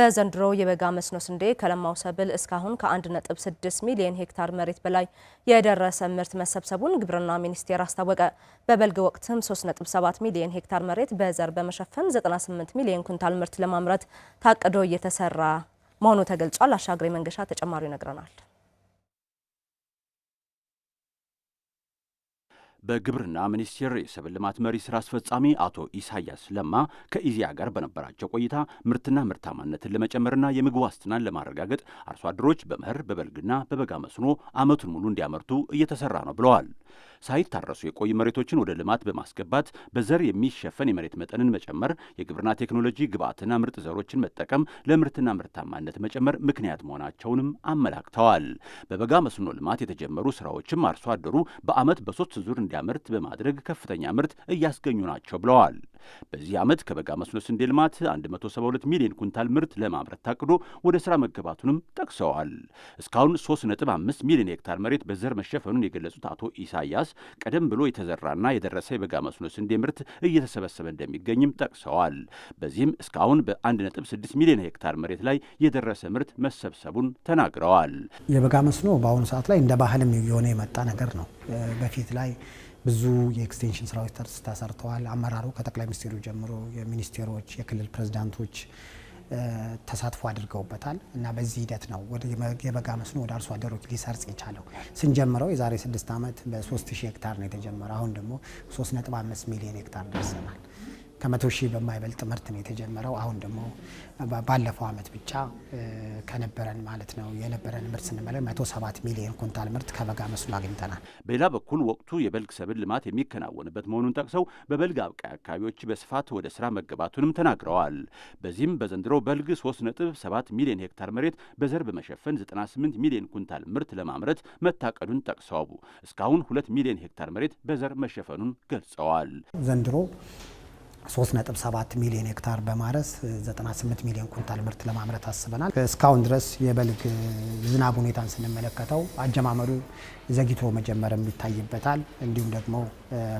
በዘንድሮ የበጋ መስኖ ስንዴ ከለማው ሰብል እስካሁን ከ1.6 ሚሊዮን ሄክታር መሬት በላይ የደረሰ ምርት መሰብሰቡን ግብርና ሚኒስቴር አስታወቀ። በበልግ ወቅትም 3.7 ሚሊዮን ሄክታር መሬት በዘር በመሸፈን 98 ሚሊዮን ኩንታል ምርት ለማምረት ታቅዶ እየተሰራ መሆኑ ተገልጿል። አሻግሬ መንገሻ ተጨማሪ ይነግረናል። በግብርና ሚኒስቴር የሰብል ልማት መሪ ስራ አስፈጻሚ አቶ ኢሳያስ ለማ ከኢዚያ ጋር በነበራቸው ቆይታ ምርትና ምርታማነትን ለመጨመርና የምግብ ዋስትናን ለማረጋገጥ አርሶ አደሮች በመኸር በበልግና በበጋ መስኖ ዓመቱን ሙሉ እንዲያመርቱ እየተሰራ ነው ብለዋል። ሳይታረሱ የቆዩ መሬቶችን ወደ ልማት በማስገባት በዘር የሚሸፈን የመሬት መጠንን መጨመር፣ የግብርና ቴክኖሎጂ ግብዓትና ምርጥ ዘሮችን መጠቀም ለምርትና ምርታማነት መጨመር ምክንያት መሆናቸውንም አመላክተዋል። በበጋ መስኖ ልማት የተጀመሩ ስራዎችም አርሶ አደሩ በዓመት በሶስት ዙር እንዲያመርት በማድረግ ከፍተኛ ምርት እያስገኙ ናቸው ብለዋል። በዚህ ዓመት ከበጋ መስኖ ስንዴ ልማት 172 ሚሊዮን ኩንታል ምርት ለማምረት ታቅዶ ወደ ስራ መገባቱንም ጠቅሰዋል። እስካሁን 3.5 ሚሊዮን ሄክታር መሬት በዘር መሸፈኑን የገለጹት አቶ ኢሳያስ ቀደም ብሎ የተዘራና የደረሰ የበጋ መስኖ ስንዴ ምርት እየተሰበሰበ እንደሚገኝም ጠቅሰዋል። በዚህም እስካሁን በ1.6 ሚሊዮን ሄክታር መሬት ላይ የደረሰ ምርት መሰብሰቡን ተናግረዋል። የበጋ መስኖ በአሁኑ ሰዓት ላይ እንደ ባህልም እየሆነ የመጣ ነገር ነው። በፊት ላይ ብዙ የኤክስቴንሽን ስራዎች ተሰርተዋል። አመራሩ ከጠቅላይ ሚኒስቴሩ ጀምሮ የሚኒስቴሮች፣ የክልል ፕሬዚዳንቶች ተሳትፎ አድርገውበታል እና በዚህ ሂደት ነው የበጋ መስኖ ወደ አርሶ አደሮች ሊሰርጽ የቻለው። ስንጀምረው የዛሬ ስድስት ዓመት በ3000 ሄክታር ነው የተጀመረ አሁን ደግሞ 3.5 ሚሊዮን ሄክታር ደርሰናል። ከመቶ ሺህ በማይበልጥ ምርት ነው የተጀመረው። አሁን ደግሞ ባለፈው ዓመት ብቻ ከነበረን ማለት ነው የነበረን ምርት ስንመለከት መቶ ሰባት ሚሊዮን ኩንታል ምርት ከበጋ መስኖ አግኝተናል። በሌላ በኩል ወቅቱ የበልግ ሰብል ልማት የሚከናወንበት መሆኑን ጠቅሰው በበልግ አብቃይ አካባቢዎች በስፋት ወደ ስራ መገባቱንም ተናግረዋል። በዚህም በዘንድሮ በልግ 3.7 ሚሊዮን ሄክታር መሬት በዘር በመሸፈን 98 ሚሊዮን ኩንታል ምርት ለማምረት መታቀዱን ጠቅሰው እስካሁን 2 ሚሊዮን ሄክታር መሬት በዘር መሸፈኑን ገልጸዋል። ዘንድሮ 3.7 ሚሊዮን ሄክታር በማረስ 98 ሚሊዮን ኩንታል ምርት ለማምረት አስበናል። እስካሁን ድረስ የበልግ ዝናብ ሁኔታን ስንመለከተው አጀማመሩ ዘግይቶ መጀመርም ይታይበታል። እንዲሁም ደግሞ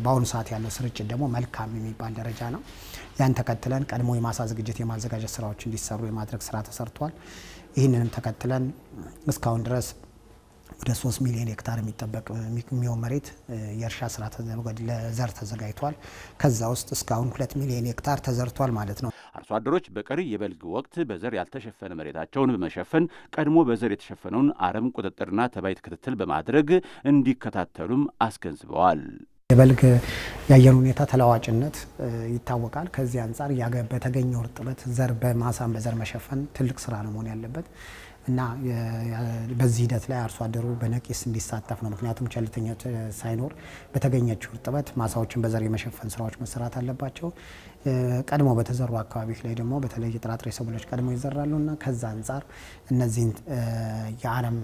በአሁኑ ሰዓት ያለው ስርጭት ደግሞ መልካም የሚባል ደረጃ ነው። ያን ተከትለን ቀድሞ የማሳ ዝግጅት የማዘጋጀት ስራዎች እንዲሰሩ የማድረግ ስራ ተሰርቷል። ይህንንም ተከትለን እስካሁን ድረስ ወደ 3 ሚሊዮን ሄክታር የሚጠበቅ የሚሆን መሬት የእርሻ ስራ ለዘር ተዘጋጅቷል። ከዛ ውስጥ እስካሁን 2 ሚሊዮን ሄክታር ተዘርቷል ማለት ነው። አርሶ አደሮች በቀሪ የበልግ ወቅት በዘር ያልተሸፈነ መሬታቸውን በመሸፈን ቀድሞ በዘር የተሸፈነውን አረም ቁጥጥርና ተባይት ክትትል በማድረግ እንዲከታተሉም አስገንዝበዋል። የበልግ የአየር ሁኔታ ተለዋጭነት ይታወቃል። ከዚህ አንጻር በተገኘው እርጥበት ዘር በማሳን በዘር መሸፈን ትልቅ ስራ ነው መሆን ያለበት። እና በዚህ ሂደት ላይ አርሶ አደሩ በነቂስ እንዲሳተፍ ነው። ምክንያቱም ቸልተኛ ሳይኖር በተገኘችው እርጥበት ማሳዎችን በዘር የመሸፈን ስራዎች መሰራት አለባቸው። ቀድሞ በተዘሩ አካባቢዎች ላይ ደግሞ በተለይ የጥራጥሬ ሰብሎች ቀድሞ ይዘራሉ እና ከዛ አንጻር እነዚህን የአረም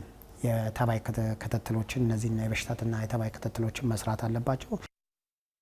የተባይ ክትትሎችን እነዚህና የበሽታትና የተባይ ክትትሎችን መስራት አለባቸው።